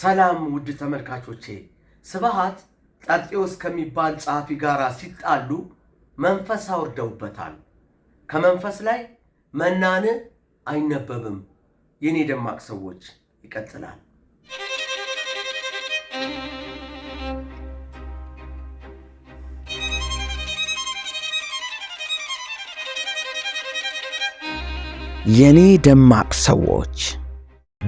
ሰላም ውድ ተመልካቾቼ፣ ስብሐት ጠርጢዎስ ከሚባል ጸሐፊ ጋር ሲጣሉ መንፈስ አውርደውበታል። ከመንፈስ ላይ መናን አይነበብም። የኔ ደማቅ ሰዎች ይቀጥላል። የኔ ደማቅ ሰዎች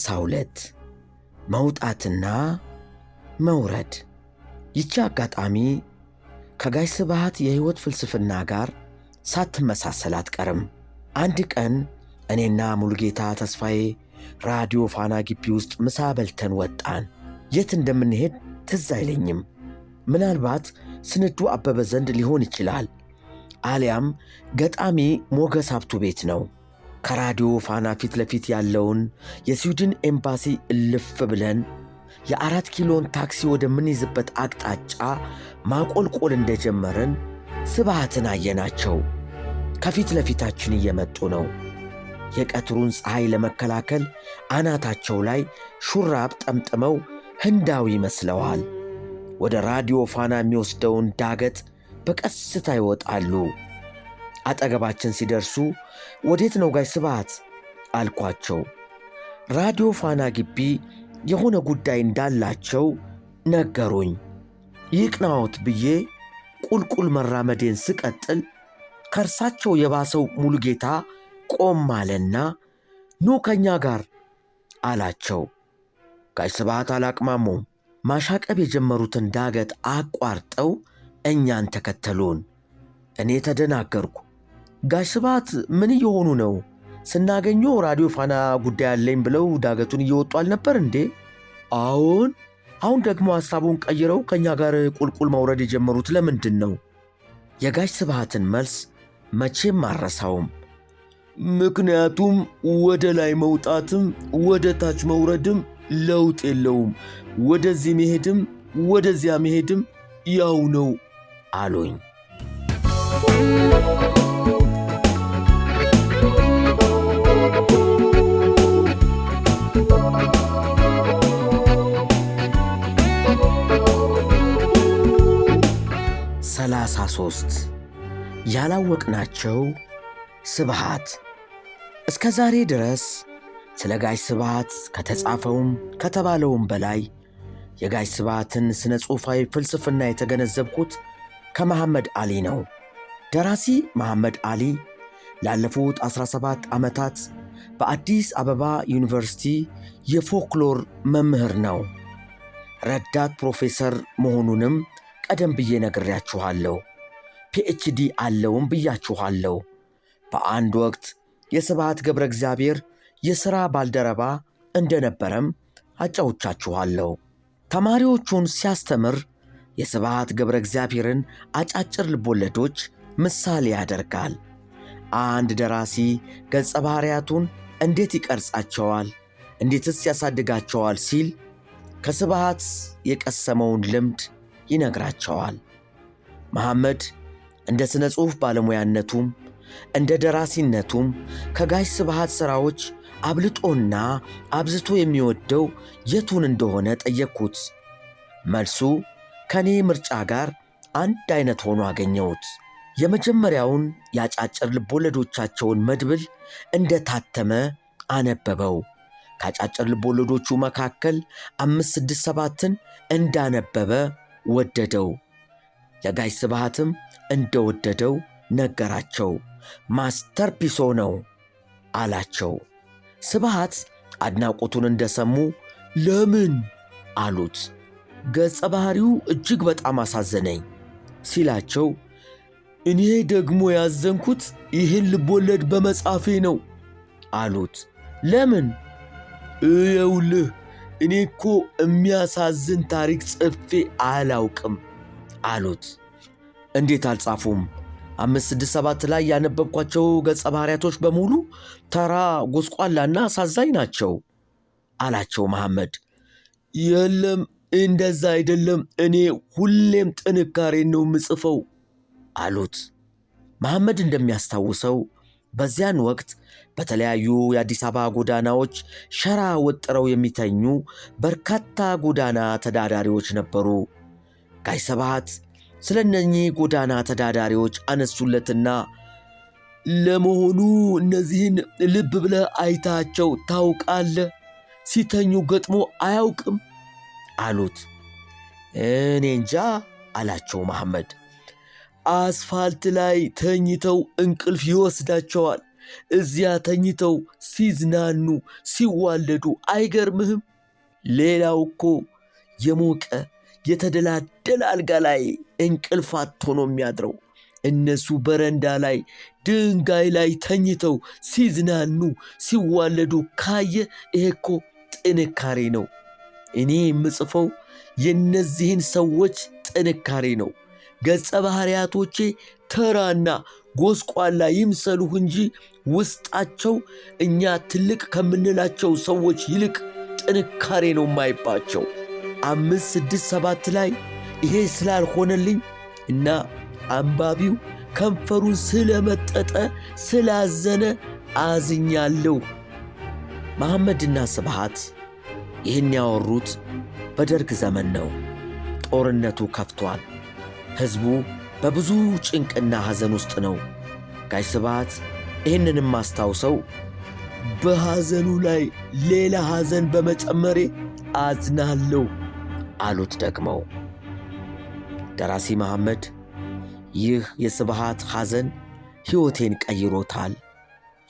32 መውጣትና መውረድ። ይቺ አጋጣሚ ከጋሽ ስብሐት የሕይወት ፍልስፍና ጋር ሳትመሳሰል አትቀርም። አንድ ቀን እኔና ሙሉጌታ ተስፋዬ ራዲዮ ፋና ግቢ ውስጥ ምሳ በልተን ወጣን። የት እንደምንሄድ ትዝ አይለኝም። ምናልባት ስንዱ አበበ ዘንድ ሊሆን ይችላል፣ አሊያም ገጣሚ ሞገስ ሀብቱ ቤት ነው። ከራዲዮ ፋና ፊት ለፊት ያለውን የስዊድን ኤምባሲ እልፍ ብለን የአራት ኪሎን ታክሲ ወደምንይዝበት አቅጣጫ ማቆልቆል እንደጀመርን ስብሃትን አየናቸው። ከፊት ለፊታችን እየመጡ ነው። የቀትሩን ፀሐይ ለመከላከል አናታቸው ላይ ሹራብ ጠምጥመው ህንዳዊ ይመስለዋል። ወደ ራዲዮ ፋና የሚወስደውን ዳገት በቀስታ ይወጣሉ። አጠገባችን ሲደርሱ ወዴት ነው ጋሽ ስብሐት አልኳቸው። ራዲዮ ፋና ግቢ የሆነ ጉዳይ እንዳላቸው ነገሩኝ። ይቅናዎት ብዬ ቁልቁል መራመዴን ስቀጥል ከእርሳቸው የባሰው ሙሉጌታ ቆም አለና ኑ ከእኛ ጋር አላቸው። ጋሽ ስብሐት አላቅማሙም። ማሻቀብ የጀመሩትን ዳገት አቋርጠው እኛን ተከተሉን። እኔ ተደናገርኩ። ጋሽ ስብሐት ምን እየሆኑ ነው? ስናገኘው ራዲዮ ፋና ጉዳይ አለኝ ብለው ዳገቱን እየወጡ አልነበር እንዴ? አዎን። አሁን ደግሞ ሐሳቡን ቀይረው ከእኛ ጋር ቁልቁል መውረድ የጀመሩት ለምንድን ነው? የጋሽ ስብሐትን መልስ መቼም አረሳውም። ምክንያቱም ወደ ላይ መውጣትም ወደ ታች መውረድም ለውጥ የለውም፣ ወደዚህ መሄድም ወደዚያ መሄድም ያው ነው አሉኝ። ሰላሳ ሦስት ያላወቅናቸው ስብሃት እስከ ዛሬ ድረስ ስለ ጋሽ ስብሃት ከተጻፈውም ከተባለውም በላይ የጋሽ ስብሃትን ሥነ ጽሑፋዊ ፍልስፍና የተገነዘብኩት ከመሐመድ አሊ ነው። ደራሲ መሐመድ አሊ ላለፉት 17 ዓመታት በአዲስ አበባ ዩኒቨርሲቲ የፎክሎር መምህር ነው። ረዳት ፕሮፌሰር መሆኑንም ቀደም ብዬ ነግሬያችኋለሁ። ፒኤችዲ አለውም ብያችኋለሁ። በአንድ ወቅት የስብሐት ገብረ እግዚአብሔር የሥራ ባልደረባ እንደነበረም አጫውቻችኋለሁ። ተማሪዎቹን ሲያስተምር የስብሐት ገብረ እግዚአብሔርን አጫጭር ልቦለዶች ምሳሌ ያደርጋል። አንድ ደራሲ ገጸ ባህሪያቱን እንዴት ይቀርጻቸዋል፣ እንዴትስ ያሳድጋቸዋል ሲል ከስብሐት የቀሰመውን ልምድ ይነግራቸዋል። መሐመድ እንደ ሥነ ጽሑፍ ባለሙያነቱም እንደ ደራሲነቱም ከጋሽ ስብሃት ሥራዎች አብልጦና አብዝቶ የሚወደው የቱን እንደሆነ ጠየቅኩት። መልሱ ከእኔ ምርጫ ጋር አንድ አይነት ሆኖ አገኘሁት። የመጀመሪያውን የአጫጭር ልቦለዶቻቸውን መድብል እንደ ታተመ አነበበው። ከአጫጭር ልቦለዶቹ መካከል አምስት ስድስት ሰባትን እንዳነበበ ወደደው። ለጋሽ ስብሃትም እንደወደደው ነገራቸው። ማስተርፒሶ ነው አላቸው። ስብሃት አድናቆቱን እንደሰሙ ለምን አሉት። ገጸ ባህሪው እጅግ በጣም አሳዘነኝ ሲላቸው እኔ ደግሞ ያዘንኩት ይህን ልቦለድ በመጻፌ ነው አሉት። ለምን እየውልህ እኔ እኮ የሚያሳዝን ታሪክ ጽፌ አላውቅም አሉት። እንዴት አልጻፉም? አምስት ስድስት ሰባት ላይ ያነበብኳቸው ገጸ ባህሪያቶች በሙሉ ተራ ጎስቋላና አሳዛኝ ናቸው አላቸው መሐመድ። የለም እንደዛ አይደለም፣ እኔ ሁሌም ጥንካሬን ነው የምጽፈው አሉት። መሐመድ እንደሚያስታውሰው በዚያን ወቅት በተለያዩ የአዲስ አበባ ጎዳናዎች ሸራ ወጥረው የሚተኙ በርካታ ጎዳና ተዳዳሪዎች ነበሩ። ቃይ ስብሐት ስለ እነኚህ ጎዳና ተዳዳሪዎች አነሱለትና ለመሆኑ እነዚህን ልብ ብለህ አይታቸው ታውቃለህ? ሲተኙ ገጥሞ አያውቅም አሉት። እኔ እንጃ አላቸው መሐመድ። አስፋልት ላይ ተኝተው እንቅልፍ ይወስዳቸዋል እዚያ ተኝተው ሲዝናኑ ሲዋለዱ አይገርምህም? ሌላው እኮ የሞቀ የተደላደለ አልጋ ላይ እንቅልፍ አጥቶ ነው የሚያድረው። እነሱ በረንዳ ላይ ድንጋይ ላይ ተኝተው ሲዝናኑ ሲዋለዱ ካየ ይሄ እኮ ጥንካሬ ነው። እኔ የምጽፈው የእነዚህን ሰዎች ጥንካሬ ነው። ገጸ ባህሪያቶቼ ተራና ጎስቋላ ይምሰሉህ እንጂ ውስጣቸው እኛ ትልቅ ከምንላቸው ሰዎች ይልቅ ጥንካሬ ነው የማይባቸው። አምስት ስድስት ሰባት ላይ ይሄ ስላልሆነልኝ እና አንባቢው ከንፈሩን ስለመጠጠ ስላዘነ አዝኛለሁ። መሐመድና ስብሃት ይህን ያወሩት በደርግ ዘመን ነው። ጦርነቱ ከፍቷል። ሕዝቡ በብዙ ጭንቅና ሐዘን ውስጥ ነው። ጋሽ ስብሐት ይህንንም አስታውሰው በሐዘኑ ላይ ሌላ ሐዘን በመጨመሬ አዝናለሁ አሉት። ደግመው ደራሲ መሐመድ ይህ የስብሐት ሐዘን ሕይወቴን ቀይሮታል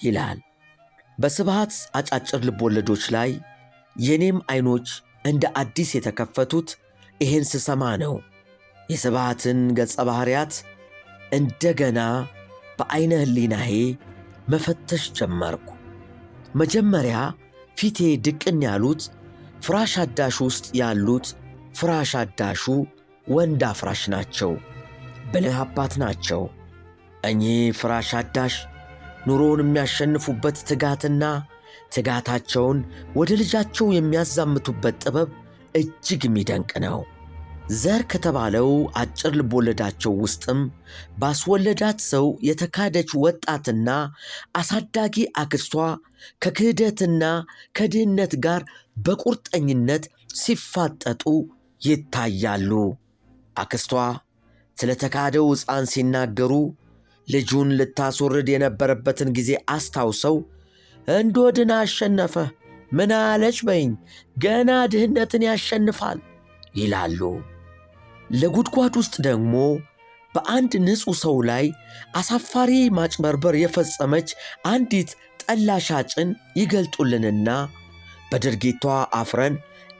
ይላል። በስብሐት አጫጭር ወለዶች ላይ የኔም ዐይኖች እንደ አዲስ የተከፈቱት ይህን ስሰማ ነው። የሰብዓትን ገጸ ባህርያት እንደገና በዐይነ ሕሊናዬ መፈተሽ ጀመርኩ። መጀመሪያ ፊቴ ድቅን ያሉት ፍራሽ አዳሽ ውስጥ ያሉት ፍራሽ አዳሹ ወንድ አፍራሽ ናቸው፣ ብልህ አባት ናቸው። እኚህ ፍራሽ አዳሽ ኑሮውን የሚያሸንፉበት ትጋትና ትጋታቸውን ወደ ልጃቸው የሚያዛምቱበት ጥበብ እጅግ የሚደንቅ ነው። ዘር ከተባለው አጭር ልቦለዳቸው ውስጥም ባስወለዳት ሰው የተካደች ወጣትና አሳዳጊ አክስቷ ከክህደትና ከድህነት ጋር በቁርጠኝነት ሲፋጠጡ ይታያሉ። አክስቷ ስለ ተካደው ሕፃን ሲናገሩ ልጁን ልታስወርድ የነበረበትን ጊዜ አስታውሰው እንዶድን አሸነፈ፣ ምን አለች በይኝ፣ ገና ድህነትን ያሸንፋል ይላሉ። ለጉድጓድ ውስጥ ደግሞ በአንድ ንጹሕ ሰው ላይ አሳፋሪ ማጭበርበር የፈጸመች አንዲት ጠላ ሻጭን ይገልጡልንና በድርጊቷ አፍረን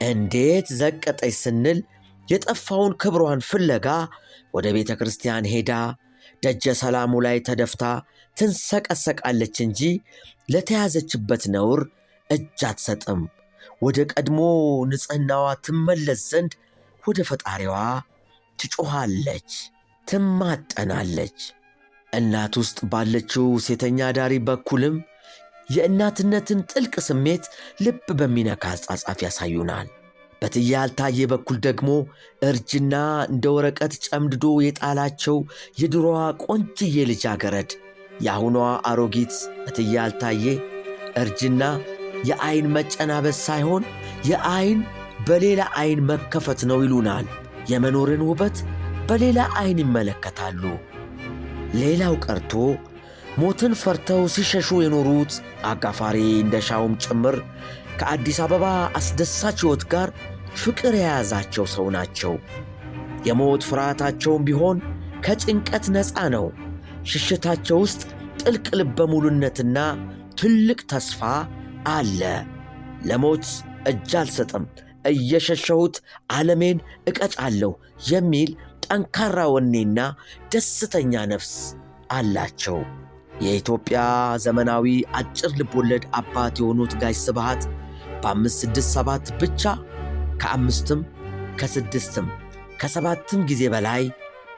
እንዴት ዘቀጠች ስንል የጠፋውን ክብሯን ፍለጋ ወደ ቤተ ክርስቲያን ሄዳ ደጀ ሰላሙ ላይ ተደፍታ ትንሰቀሰቃለች እንጂ ለተያዘችበት ነውር እጅ አትሰጥም። ወደ ቀድሞ ንጽሕናዋ ትመለስ ዘንድ ወደ ፈጣሪዋ ትጮኻለች፣ ትማጠናለች። እናት ውስጥ ባለችው ሴተኛ አዳሪ በኩልም የእናትነትን ጥልቅ ስሜት ልብ በሚነካ አጻጻፍ ያሳዩናል። በእትዬ አልታየ በኩል ደግሞ እርጅና እንደ ወረቀት ጨምድዶ የጣላቸው የድሮዋ ቆንጅዬ ልጃገረድ የአሁኗ አሮጊት እትዬ አልታየ እርጅና የአይን መጨናበስ ሳይሆን የአይን በሌላ አይን መከፈት ነው ይሉናል። የመኖርን ውበት በሌላ ዐይን ይመለከታሉ። ሌላው ቀርቶ ሞትን ፈርተው ሲሸሹ የኖሩት አጋፋሪ እንደሻውም ጭምር ከአዲስ አበባ አስደሳች ሕይወት ጋር ፍቅር የያዛቸው ሰው ናቸው። የሞት ፍርሃታቸውም ቢሆን ከጭንቀት ነፃ ነው። ሽሽታቸው ውስጥ ጥልቅ ልበ ሙሉነትና ትልቅ ተስፋ አለ። ለሞት እጅ አልሰጥም እየሸሸሁት ዓለሜን እቀጫለሁ የሚል ጠንካራ ወኔና ደስተኛ ነፍስ አላቸው። የኢትዮጵያ ዘመናዊ አጭር ልቦለድ አባት የሆኑት ጋሽ ስብሃት በአምስት ስድስት ሰባት ብቻ ከአምስትም ከስድስትም ከሰባትም ጊዜ በላይ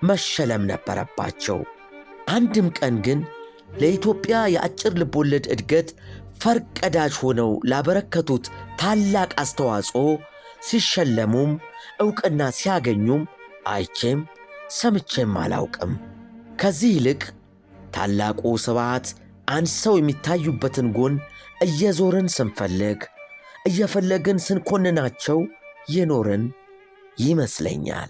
መሸለም ነበረባቸው። አንድም ቀን ግን ለኢትዮጵያ የአጭር ልቦለድ እድገት ፈርቀዳጅ ሆነው ላበረከቱት ታላቅ አስተዋጽኦ ሲሸለሙም ዕውቅና ሲያገኙም አይቼም ሰምቼም አላውቅም። ከዚህ ይልቅ ታላቁ ስብዓት አንሰው የሚታዩበትን ጎን እየዞርን ስንፈልግ እየፈለግን ስንኮንናቸው የኖርን ይመስለኛል።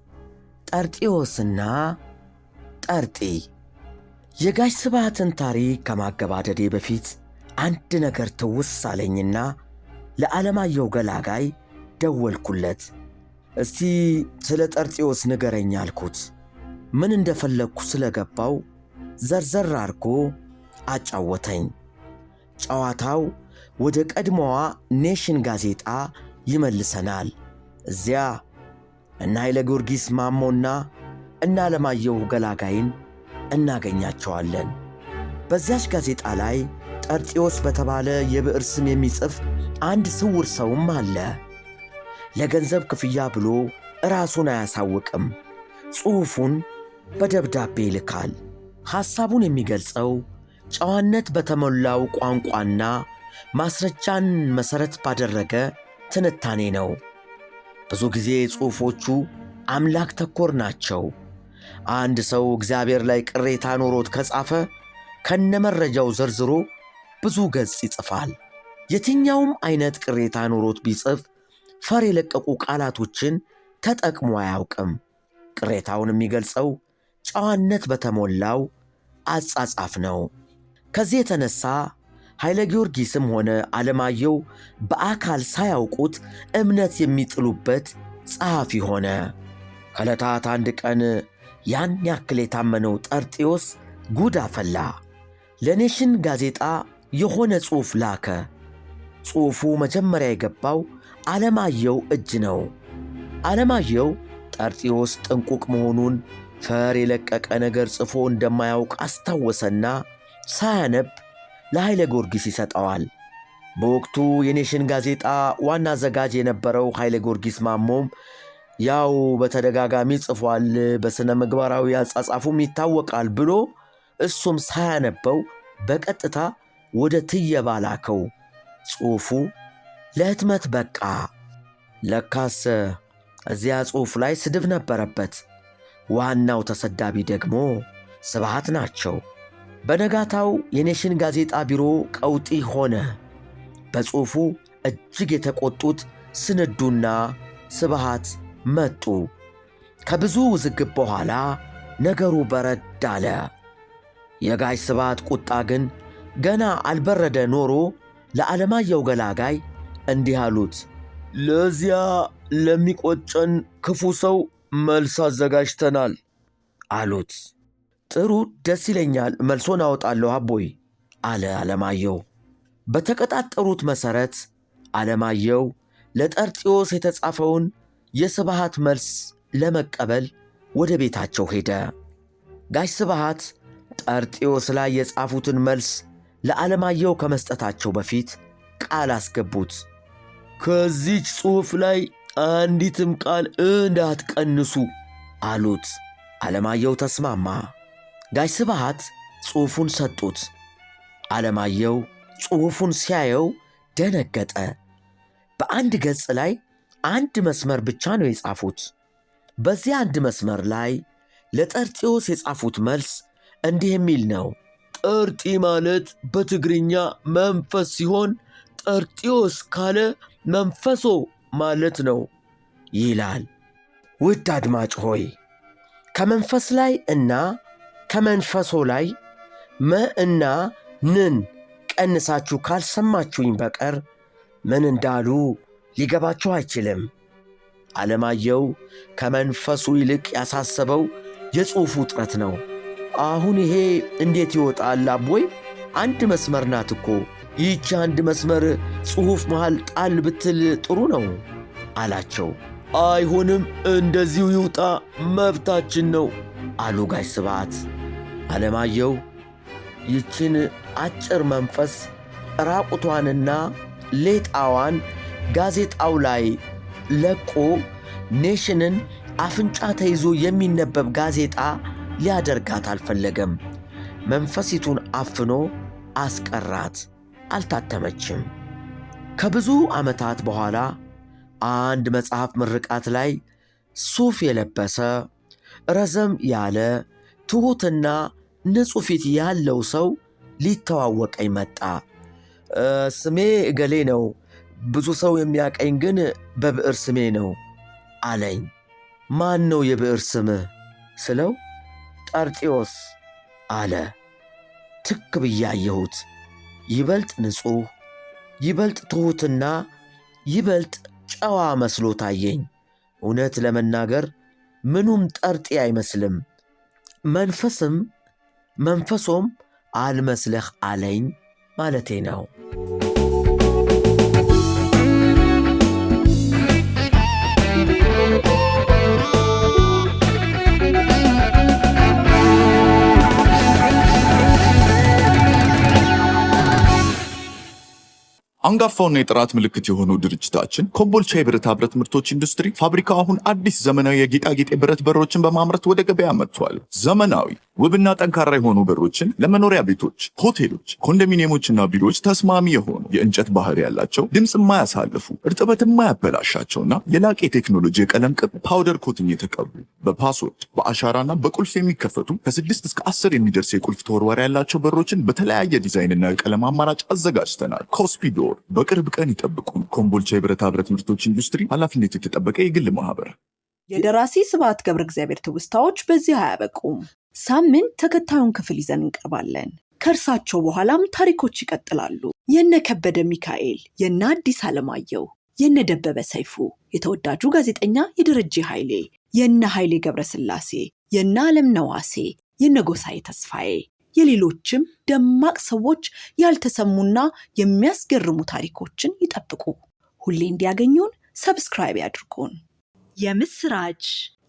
ጠርጢዎስና ጠርጢ የጋሽ ስባትን ታሪክ ከማገባደዴ በፊት አንድ ነገር ትውስ አለኝና ለዓለማየሁ ገላጋይ ደወልኩለት። እስቲ ስለ ጠርጢዎስ ንገረኝ አልኩት። ምን እንደፈለግኩ ስለገባው ዘርዘር አድርጎ አጫወተኝ። ጨዋታው ወደ ቀድሞዋ ኔሽን ጋዜጣ ይመልሰናል። እዚያ እነ ኃይለ ጊዮርጊስ ማሞና እና አለማየሁ ገላጋይን እናገኛቸዋለን። በዚያች ጋዜጣ ላይ ጠርጢዎስ በተባለ የብዕር ስም የሚጽፍ አንድ ስውር ሰውም አለ። ለገንዘብ ክፍያ ብሎ ራሱን አያሳውቅም። ጽሑፉን በደብዳቤ ይልካል። ሐሳቡን የሚገልጸው ጨዋነት በተሞላው ቋንቋና ማስረጃን መሠረት ባደረገ ትንታኔ ነው። ብዙ ጊዜ ጽሑፎቹ አምላክ ተኮር ናቸው። አንድ ሰው እግዚአብሔር ላይ ቅሬታ ኖሮት ከጻፈ ከነመረጃው ዘርዝሮ ብዙ ገጽ ይጽፋል። የትኛውም አይነት ቅሬታ ኖሮት ቢጽፍ ፈር የለቀቁ ቃላቶችን ተጠቅሞ አያውቅም። ቅሬታውን የሚገልጸው ጨዋነት በተሞላው አጻጻፍ ነው። ከዚህ የተነሳ ኃይለ ጊዮርጊስም ሆነ ዓለማየሁ በአካል ሳያውቁት እምነት የሚጥሉበት ጸሐፊ ሆነ። ከዕለታት አንድ ቀን ያን ያክል የታመነው ጠርጢዮስ ጉድ አፈላ። ለኔሽን ጋዜጣ የሆነ ጽሑፍ ላከ። ጽሑፉ መጀመሪያ የገባው ዓለማየሁ እጅ ነው። ዓለማየሁ ጠርጢዮስ ጥንቁቅ መሆኑን ፈር የለቀቀ ነገር ጽፎ እንደማያውቅ አስታወሰና ሳያነብ ለኃይለ ጊዮርጊስ ይሰጠዋል። በወቅቱ የኔሽን ጋዜጣ ዋና አዘጋጅ የነበረው ኃይለ ጊዮርጊስ ማሞም ያው በተደጋጋሚ ጽፏል፣ በሥነ ምግባራዊ አጻጻፉም ይታወቃል ብሎ እሱም ሳያነበው በቀጥታ ወደ ትየባ ላከው። ጽሑፉ ለህትመት በቃ። ለካስ እዚያ ጽሑፍ ላይ ስድብ ነበረበት። ዋናው ተሰዳቢ ደግሞ ስብሃት ናቸው። በነጋታው የኔሽን ጋዜጣ ቢሮ ቀውጢ ሆነ። በጽሑፉ እጅግ የተቆጡት ስንዱና ስብሃት መጡ። ከብዙ ውዝግብ በኋላ ነገሩ በረድ አለ። የጋሽ ስብሃት ቁጣ ግን ገና አልበረደ ኖሮ ለዓለማየሁ ገላጋይ እንዲህ አሉት። ለዚያ ለሚቆጨን ክፉ ሰው መልስ አዘጋጅተናል አሉት። ጥሩ ደስ ይለኛል፣ መልሶን አወጣለሁ አቦይ አለ አለማየሁ። በተቀጣጠሩት መሠረት አለማየሁ ለጠርጢዎስ የተጻፈውን የስብሃት መልስ ለመቀበል ወደ ቤታቸው ሄደ። ጋሽ ስብሃት ጠርጢዎስ ላይ የጻፉትን መልስ ለዓለማየሁ ከመስጠታቸው በፊት ቃል አስገቡት። ከዚች ጽሑፍ ላይ አንዲትም ቃል እንዳትቀንሱ አሉት። ዓለማየሁ ተስማማ። ጋሽ ስብሐት ጽሑፉን ሰጡት። ዓለማየሁ ጽሑፉን ሲያየው ደነገጠ። በአንድ ገጽ ላይ አንድ መስመር ብቻ ነው የጻፉት። በዚህ አንድ መስመር ላይ ለጠርጢዎስ የጻፉት መልስ እንዲህ የሚል ነው። ጠርጢ ማለት በትግርኛ መንፈስ ሲሆን ጠርጢዎስ ካለ መንፈሶ ማለት ነው ይላል። ውድ አድማጭ ሆይ ከመንፈስ ላይ እና ከመንፈሶ ላይ መ እና ንን ቀንሳችሁ ካልሰማችሁኝ በቀር ምን እንዳሉ ሊገባችሁ አይችልም። ዓለማየሁ ከመንፈሱ ይልቅ ያሳሰበው የጽሑፉ ውጥረት ነው። አሁን ይሄ እንዴት ይወጣል አቦይ? አንድ መስመር ናት እኮ ይህቺ አንድ መስመር ጽሑፍ መሃል ጣል ብትል ጥሩ ነው አላቸው። አይሆንም፣ እንደዚሁ ይውጣ፣ መብታችን ነው አሉ ጋሽ ስባት አለማየሁ ይችን አጭር መንፈስ ራቁቷንና ሌጣዋን ጋዜጣው ላይ ለቆ ኔሽንን አፍንጫ ተይዞ የሚነበብ ጋዜጣ ሊያደርጋት አልፈለገም። መንፈሲቱን አፍኖ አስቀራት። አልታተመችም። ከብዙ ዓመታት በኋላ አንድ መጽሐፍ ምርቃት ላይ ሱፍ የለበሰ ረዘም ያለ ትሑትና ንጹህ ፊት ያለው ሰው ሊተዋወቀኝ መጣ። ስሜ እገሌ ነው፣ ብዙ ሰው የሚያቀኝ ግን በብዕር ስሜ ነው አለኝ። ማን ነው የብዕር ስምህ ስለው ጠርጢዮስ አለ። ትክ ብያየሁት ይበልጥ ንጹሕ፣ ይበልጥ ትሑትና ይበልጥ ጨዋ መስሎ ታየኝ። እውነት ለመናገር ምኑም ጠርጢ አይመስልም። መንፈስም መንፈሶም አልመስለኽ አለኝ ማለቴ ነው። አንጋፋውና የጥራት ምልክት የሆነው ድርጅታችን ኮምቦልቻ የብረታ ብረት ምርቶች ኢንዱስትሪ ፋብሪካ አሁን አዲስ ዘመናዊ የጌጣጌጥ የብረት በሮችን በማምረት ወደ ገበያ መጥቷል። ዘመናዊ ውብና ጠንካራ የሆኑ በሮችን ለመኖሪያ ቤቶች፣ ሆቴሎች፣ ኮንዶሚኒየሞችና ቢሮዎች ተስማሚ የሆኑ የእንጨት ባህር ያላቸው ድምፅ የማያሳልፉ እርጥበት የማያበላሻቸውና የላቅ የቴክኖሎጂ የቀለም ቅብ ፓውደር ኮትኝ የተቀቡ በፓስወርድ በአሻራና በቁልፍ የሚከፈቱ ከስድስት እስከ አስር የሚደርስ የቁልፍ ተወርዋሪ ያላቸው በሮችን በተለያየ ዲዛይንና የቀለም አማራጭ አዘጋጅተናል። ኮስፒዶር በቅርብ ቀን ይጠብቁ ኮምቦልቻ የብረታ ብረት ምርቶች ኢንዱስትሪ ኃላፊነት የተጠበቀ የግል ማህበር። የደራሲ ስብሐት ገብረ እግዚአብሔር ትውስታዎች በዚህ አያበቁም። ሳምንት ተከታዩን ክፍል ይዘን እንቀርባለን። ከእርሳቸው በኋላም ታሪኮች ይቀጥላሉ። የነ ከበደ ሚካኤል፣ የነ አዲስ አለማየሁ፣ የነ ደበበ ሰይፉ፣ የተወዳጁ ጋዜጠኛ የደረጀ ኃይሌ የነ ኃይሌ ገብረስላሴ፣ የነ ዓለም ነዋሴ፣ የነ ጎሳዬ ተስፋዬ የሌሎችም ደማቅ ሰዎች ያልተሰሙና የሚያስገርሙ ታሪኮችን ይጠብቁ። ሁሌ እንዲያገኙን ሰብስክራይብ ያድርጉን። የምስራች